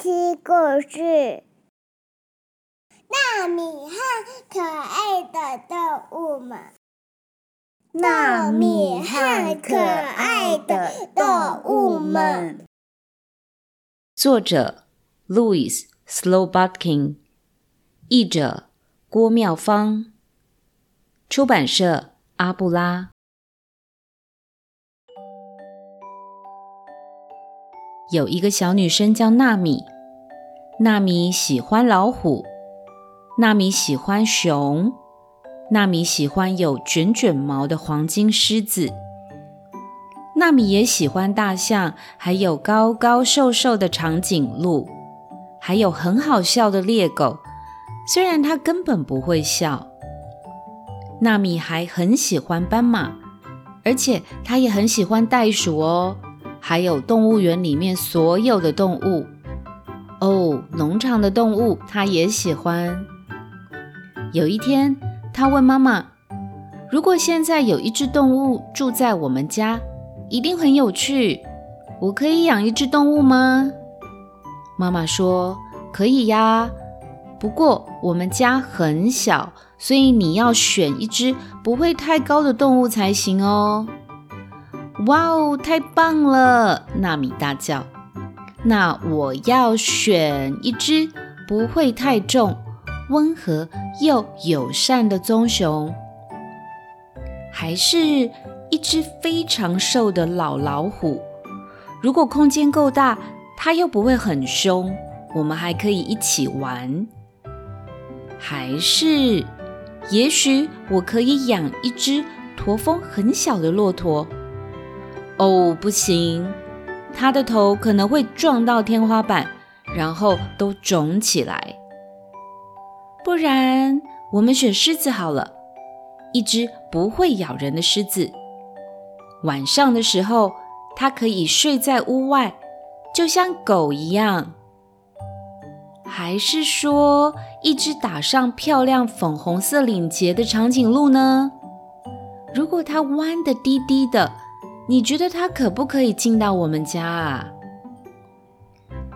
聽故事，《娜米和可愛的動物們》。《娜米和可愛的動物們》，作者：Louis Slobodkin，譯者：郭妙芳，出版社：阿布拉。有一個小女生叫娜米，娜米喜歡老虎，娜米喜歡熊，娜米喜歡有捲捲毛的黃金獅子，娜米也喜歡大象，還有高高瘦瘦的長頸鹿，還有很好笑的鬣狗，雖然她根本不會笑。娜米還很喜歡斑馬，而且她也很喜歡袋鼠哦。還有動物園裡面所有的動物哦，oh, 農場的動物他也喜歡。有一天，他問媽媽：“如果現在有一隻動物住在我們家，一定很有趣。我可以養一隻動物嗎？”媽媽說：“可以呀，不過我們家很小，所以你要選一隻不會太高的動物才行哦。”哇哦，wow, 太棒了！娜米大叫。那我要選一只不會太重、溫和又友善的棕熊，還是一隻非常瘦的老老虎？如果空間夠大，它又不會很凶，我們還可以一起玩。還是，也許我可以養一只駝峰很小的駱駝。哦，oh, 不行，它的頭可能會撞到天花板，然後都腫起來。不然，我們選獅子好了，一只不會咬人的獅子。晚上的時候，它可以睡在屋外，就像狗一樣。還是說，一只打上漂亮粉紅色領結的長頸鹿呢？如果它彎的低低的。你覺得它可不可以進到我們家啊？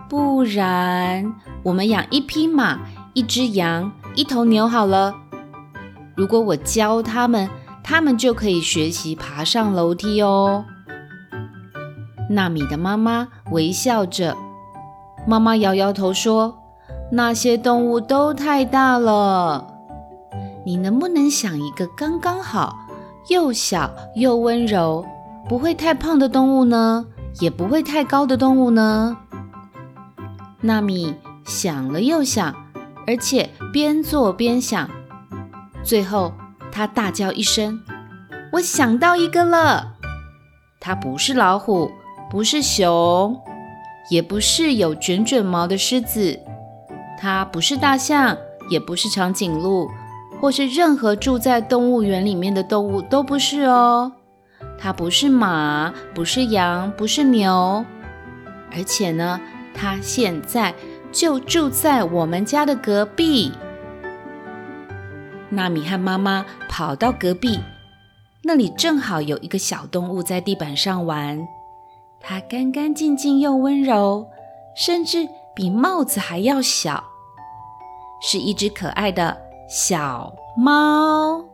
不然我們養一匹馬、一隻羊、一頭牛好了。如果我教它們，它們就可以學習爬上樓梯哦。娜米的媽媽微笑着，媽媽搖搖頭說：“那些動物都太大了。你能不能想一個剛剛好，又小又溫柔？”不會太胖的動物呢，也不會太高的動物呢。娜米想了又想，而且邊做邊想，最後他大叫一聲：“我想到一個了！它不是老虎，不是熊，也不是有捲捲毛的獅子，它不是大象，也不是長頸鹿，或是任何住在動物園裡面的動物都不是哦。”它不是馬，不是羊，不是牛，而且呢，它現在就住在我們家的隔壁。娜米和媽媽跑到隔壁，那裡正好有一個小動物在地板上玩。它乾乾淨淨又溫柔，甚至比帽子還要小，是一隻可愛的小貓。